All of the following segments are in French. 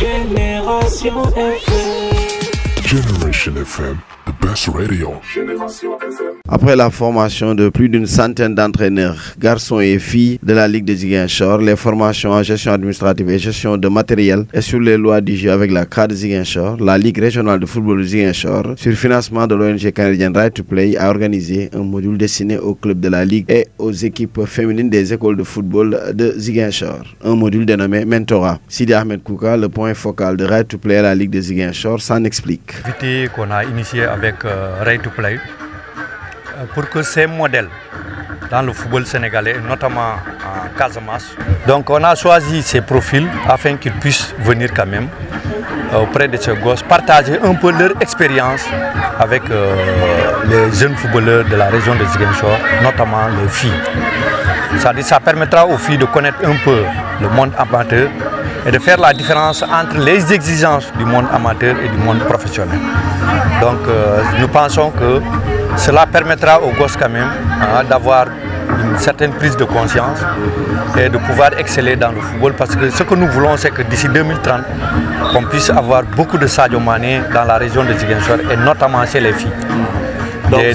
Génération FM. Génération FM. Après la formation de plus d'une centaine d'entraîneurs, garçons et filles de la Ligue de Ziguinchor, les formations en gestion administrative et gestion de matériel et sur les lois du jeu avec la CAD Ziguinchor, la Ligue régionale de football de Ziguinchor, sur financement de l'ONG canadienne Right to Play, a organisé un module destiné aux clubs de la Ligue et aux équipes féminines des écoles de football de Ziguinchor, un module dénommé Mentora. Sidi Ahmed Kouka, le point focal de Right to Play à la Ligue de Ziguinchor, s'en explique. qu'on a initié avec avec euh, Ray to Play euh, pour que ces modèles dans le football sénégalais, notamment en Casamance. Donc on a choisi ces profils afin qu'ils puissent venir quand même euh, auprès de ces gosses, partager un peu leur expérience avec les jeunes footballeurs de la région de Ziguinchor, notamment les filles. Ça, ça permettra aux filles de connaître un peu le monde amateur et de faire la différence entre les exigences du monde amateur et du monde professionnel. Donc euh, nous pensons que cela permettra aux gosses quand même hein, d'avoir une certaine prise de conscience et de pouvoir exceller dans le football parce que ce que nous voulons c'est que d'ici 2030 qu'on puisse avoir beaucoup de Sadio Mané dans la région de Ziguinchor et notamment chez les filles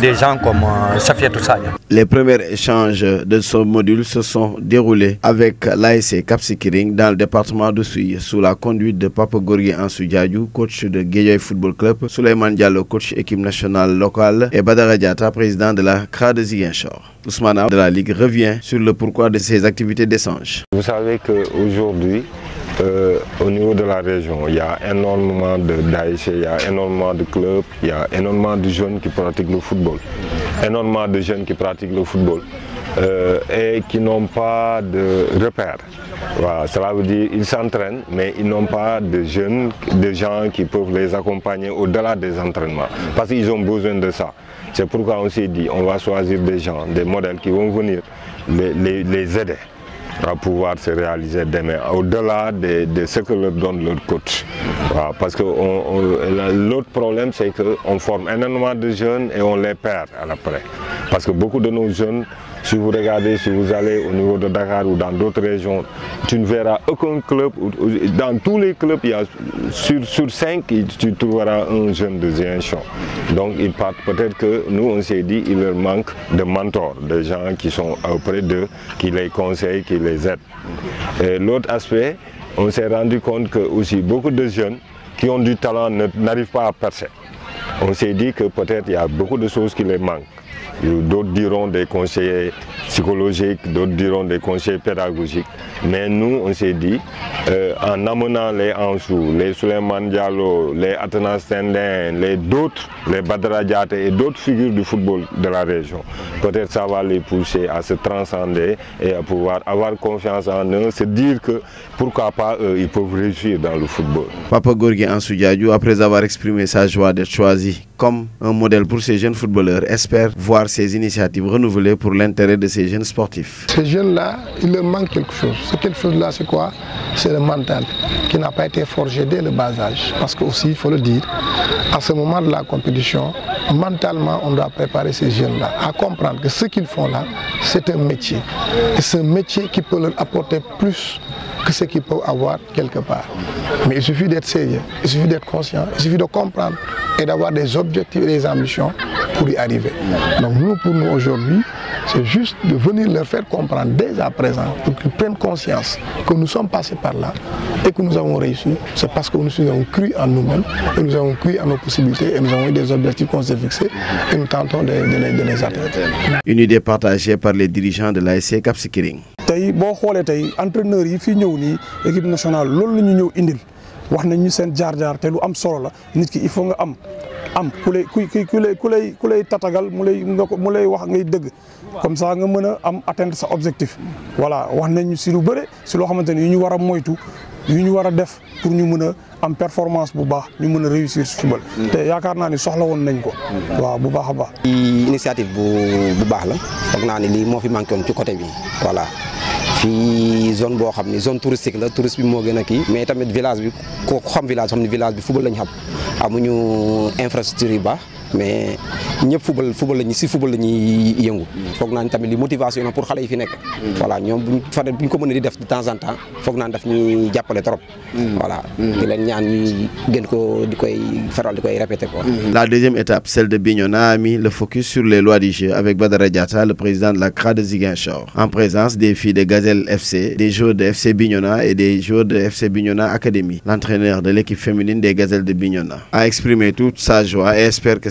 des, gens comme euh, Les premiers échanges de ce module se sont déroulés avec l'ASC Capsikiring dans le département de Suye, sous la conduite de Papa Gorgui Ansoudiadou, coach de Guéjoy Football Club, Souleymane Diallo, coach équipe nationale locale, et Badara Diata, président de la CRA de Ousmana de la Ligue revient sur le pourquoi de ces activités d'échange. Vous savez qu'aujourd'hui, euh, au niveau de la région, il y a énormément daech, il y a énormément de clubs, il y a énormément de jeunes qui pratiquent le football. Énormément de jeunes qui pratiquent le football euh, et qui n'ont pas de repères. Voilà, cela veut dire qu'ils s'entraînent, mais ils n'ont pas de jeunes, de gens qui peuvent les accompagner au-delà des entraînements, parce qu'ils ont besoin de ça. C'est pourquoi on s'est dit, on va choisir des gens, des modèles qui vont venir les aider à pouvoir se réaliser demain, au-delà de, ce que leur donne leur coach. parce que l'autre problème, c'est qu'on forme énormément de jeunes et on les perd à l'après. Parce que beaucoup de nos jeunes, si vous regardez, si vous allez au niveau de Dakar ou dans d'autres régions, tu ne verras aucun club. Dans tous les clubs, il y a, sur, cinq, tu trouveras un jeune de Zéenchon. Donc ils partent. Peut-être que nous, on s'est dit, il leur manque de mentors, de gens qui sont auprès d'eux, qui les conseillent, qui les aident. L'autre aspect, on s'est rendu compte que aussi beaucoup de jeunes qui ont du talent n'arrivent pas à percer. On s'est dit que peut-être il y a beaucoup de choses qui les manquent. D'autres diront des conseils psychologiques, d'autres diront des conseils pédagogiques. Mais nous, on s'est dit, euh, en amenant les Ansou, les Souleymane Diallo, les Athanas Tendin, les d'autres, les Badra et d'autres figures du football de la région, peut-être ça va les pousser à se transcender et à pouvoir avoir confiance en eux, se dire que pourquoi pas eux, ils peuvent réussir dans le football. Papa Gorgui Ansou après avoir exprimé sa joie d'être choisi comme un modèle pour ces jeunes footballeurs, espère voir ces initiatives renouvelées pour l'intérêt de ces jeunes sportifs. Ces jeunes-là, il leur manque quelque chose ce chose-là, c'est quoi C'est le mental qui n'a pas été forgé dès le bas âge. Parce que aussi, il faut le dire, à ce moment de la compétition, mentalement, on doit préparer ces jeunes-là à comprendre que ce qu'ils font là, c'est un métier. Et c'est un métier qui peut leur apporter plus que ce qu'ils peuvent avoir quelque part. Mais il suffit d'être sérieux, il suffit d'être conscient, il suffit de comprendre et d'avoir des objectifs et des ambitions pour y arriver. Donc nous, pour nous aujourd'hui, c'est juste de venir leur faire comprendre dès à présent pour qu'ils prennent conscience que nous sommes passés par là et que nous avons réussi. C'est parce que nous avons cru en nous-mêmes et nous avons cru en nos possibilités et nous avons eu des objectifs qu'on s'est fixés et nous tentons de, les, de, atteindre. Une idée partagée par les dirigeants de l'ASC Cap nationale la ñu ñëw indil am ku lay ku ku lay ku tatagal mu lay nga ko mu lay wax ngay dëgg comme ça nga mën a am atteindre sa objectif. voilà wax nañu si lu bëre si loo xamante ni yu ñu war a moytu yu ñu war a def pour ñu mën a am performance bu baax ñu mën a réussir si football. Mm. te yaakaar naa ni soxla woon nañ ko. Mm. waaw bu baax a baax. initiative bu bu baax la foog naa ne lii moo fi manqué woon ci côté bi voilà. fii zone boo xam ni zone touristique la tourisme bi moo gën a kii mais tamit village bi ku xam village bi football lañ xam amuñu infrastructure yu baax mais ñëpp football football lañu ci football il yëngu nous naa tamit li motivation pour xalé yi fi nek voilà ñom buñ fa buñ ko di def de temps en temps Il faut daf ñuy jappalé trop voilà di leen ñaan ñuy gën ko dikoy faral dikoy répéter quoi la deuxième étape celle de Bignona a mis le focus sur les lois du jeu avec Badara le président de la CRA de Ziguinchor en présence des filles de Gazelle FC des joueurs de FC Bignona et des joueurs de FC Bignona Academy l'entraîneur de l'équipe féminine des Gazelles de Bignona a exprimé toute sa joie et espère que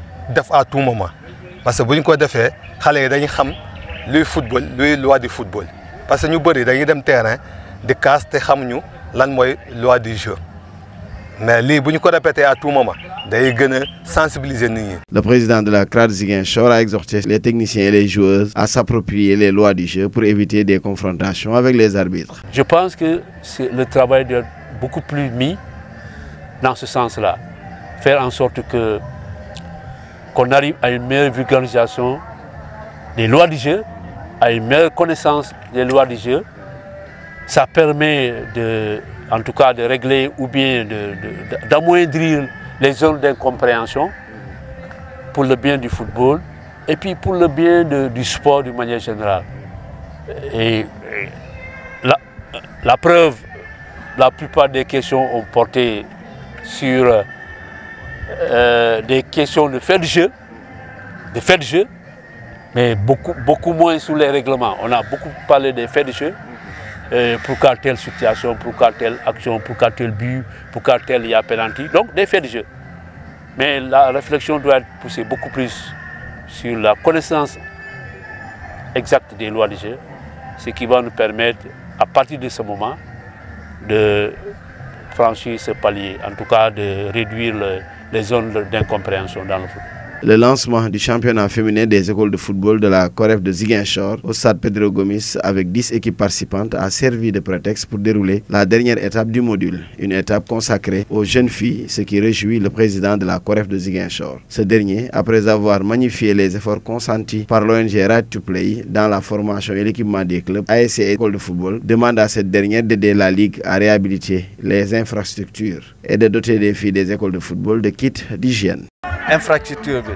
à tout moment parce que buñ ko défé xalé yi dañu xam luy football luy loi du football parce que ñu bëri dañuy dem terrain di casse te xamuñu lan moy loi du jeu mais on buñ ko répéter à tout moment day gën sensibiliser ñi. Le président de la CRAD Ziguinchor a exhorté les techniciens et les joueuses à s'approprier les lois du jeu pour éviter des confrontations avec les arbitres. Je pense que le travail doit être beaucoup plus mis dans ce sens-là, faire en sorte que qu'on arrive à une meilleure vulgarisation des lois du jeu, à une meilleure connaissance des lois du jeu. Ça permet de, en tout cas de régler ou bien d'amoindrir les zones d'incompréhension pour le bien du football et puis pour le bien du sport d'une manière générale. Et la preuve, la plupart des questions ont porté sur euh, des questions de fait de jeu, de faire de jeu, mais beaucoup, beaucoup moins sous les règlements. On a beaucoup parlé des faits de jeu. Euh, pourquoi telle situation, pourquoi telle action, pourquoi tel but, pourquoi tel y a pénalité Donc des faits de jeu. Mais la réflexion doit être poussée beaucoup plus sur la connaissance exacte des lois de jeu, ce qui va nous permettre, à partir de ce moment, de franchir ce palier, en tout cas de réduire le, des zones d'incompréhension dans le foot le lancement du championnat féminin des écoles de football de la Coref de Ziguinchor au stade Pedro Gomis avec 10 équipes participantes a servi de prétexte pour dérouler la dernière étape du module, une étape consacrée aux jeunes filles, ce qui réjouit le président de la Coref de Ziguinchor. Ce dernier, après avoir magnifié les efforts consentis par l'ONG Right to Play dans la formation et l'équipement des clubs, ASC École de football demande à cette dernière d'aider la Ligue à réhabiliter les infrastructures et de doter les filles des écoles de football de kits d'hygiène. infrastructure bi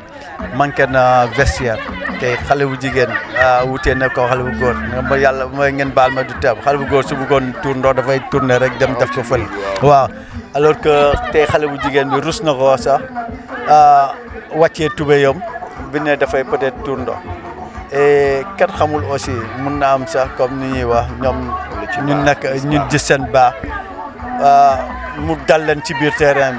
manqué na vestiaire tey xale bu jigéen ah, wutee na ko xale bu góor ma yàlla mooy ngeen baal ma du teew xale bu góor su bëggoon tour ndox dafay tourner rek dem def ko fële waaw alors que tey xale bu jigéen bi rus na ko sax ah, wàccee tubéyam bi ne dafay peut-être tour ndox et xamul aussi mun na am sax comme ni ñuy wax ñoom ñu nekk ñu gis seen baax ah, mu dal leen ci biir terrain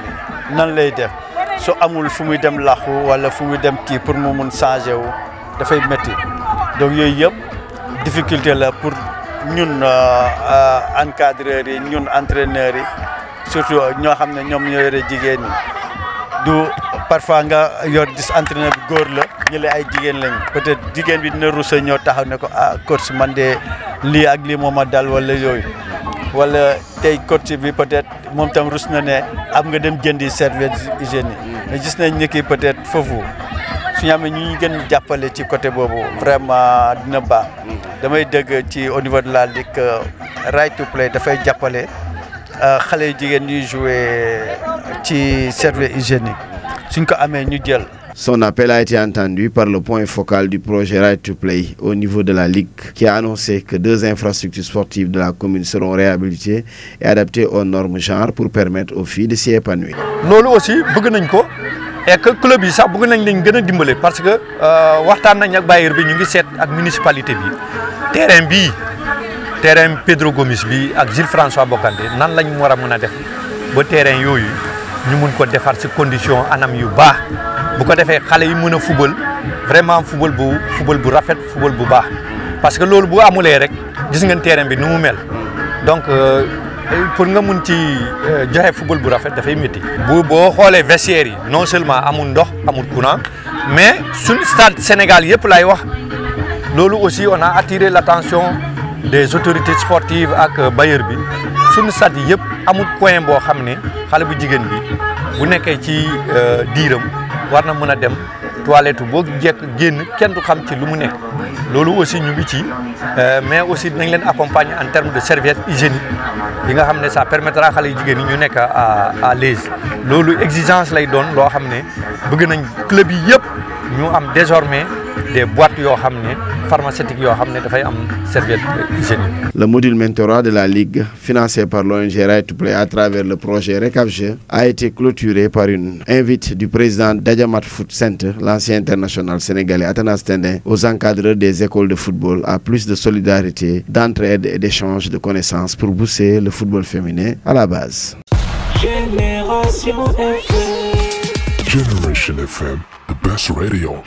bi nan lay def su amul fu muy dem làqu wala fu muy dem kii pour mu mun changer wu dafay métti donc yooyu yëpp difficulté la pour ñun euh, euh, encadreurs yi ñun entraîneurs yi surtout ñoo xam ne ñoom ñoo yore jigéen ñi du parfois nga yor dis entraîneur bi góor la ñu ñële ay jigéen lañ peut-être jigéen bi dina rusa ñoo taxaw ne ko ah coach man de lii ak lii moom a dal wala yooyu wala tey coach bi peut-être moom tam rus na ne am nga dem jëndi serviette hygiénique mais gis nañ ni que peut-être foofu su ñu amee ñu ñu gën jàppale ci côté boobu vraiment dina baax. damay dégg ci au niveau de la ligue euh, right to play dafay jàppale euh, xale yu jigéen ñuy jouer ci service hygiénique suñ ko amee ñu jël. Son appel a été entendu par le point focal du projet Right to Play au niveau de la Ligue qui a annoncé que deux infrastructures sportives de la commune seront réhabilitées et adaptées aux normes genre pour permettre aux filles de s'y épanouir. Nous aussi nous nañ ko et que club yi sax bëgg nañ leen gëna dimbalé parce que euh, waxtaan nañ ak bailleur bi ñu ngi sét ak municipalité bi terrain bi terrain Pedro Gomis bi ak Gilles François Bocandé nan lañ war mëna def ba terrain yoyu ñu mun ko défar ci condition anam yu baax bu ko defee xalé yi mëna football vraiment football bu football bu rafet football bu baax parce que lolu bu amulé rek gis ngeen terrain bi nu mu mel donc euh, pour nga mun ci euh, joxe football bu rafet fay metti bu bo xolé vestiaire yi non seulement amul ndox amul courant mais sun stade Sénégal yépp lay wax lolu aussi on a attiré l'attention des autorités sportives ak euh, bailleur bi sun stade yépp amul point bo xamné ne bu jigéen bi bu nekkee ci diiram. war na mën a dem toilette boo jekk génn kenn du xam ci lu mu nekk loolu aussi ñu ngi ci euh, mais aussi dinañ leen accompagner en terme de serviette hygiénique yi nga xam ne sa permettra xale yi jigéen ñi ñu nekk a à l'aise loolu exigence lay doon loo xam ne bëgg nañ club yi yëpp. Nous avons désormais des boîtes pharmaceutiques qui Le module mentorat de la Ligue, financé par l'ONG Right to Play à travers le projet RECAPG a été clôturé par une invite du président d'Adjamat Foot Center, l'ancien international sénégalais Athanas Tendin, aux encadreurs des écoles de football à plus de solidarité, d'entraide et d'échange de connaissances pour booster le football féminin à la base. the best radio.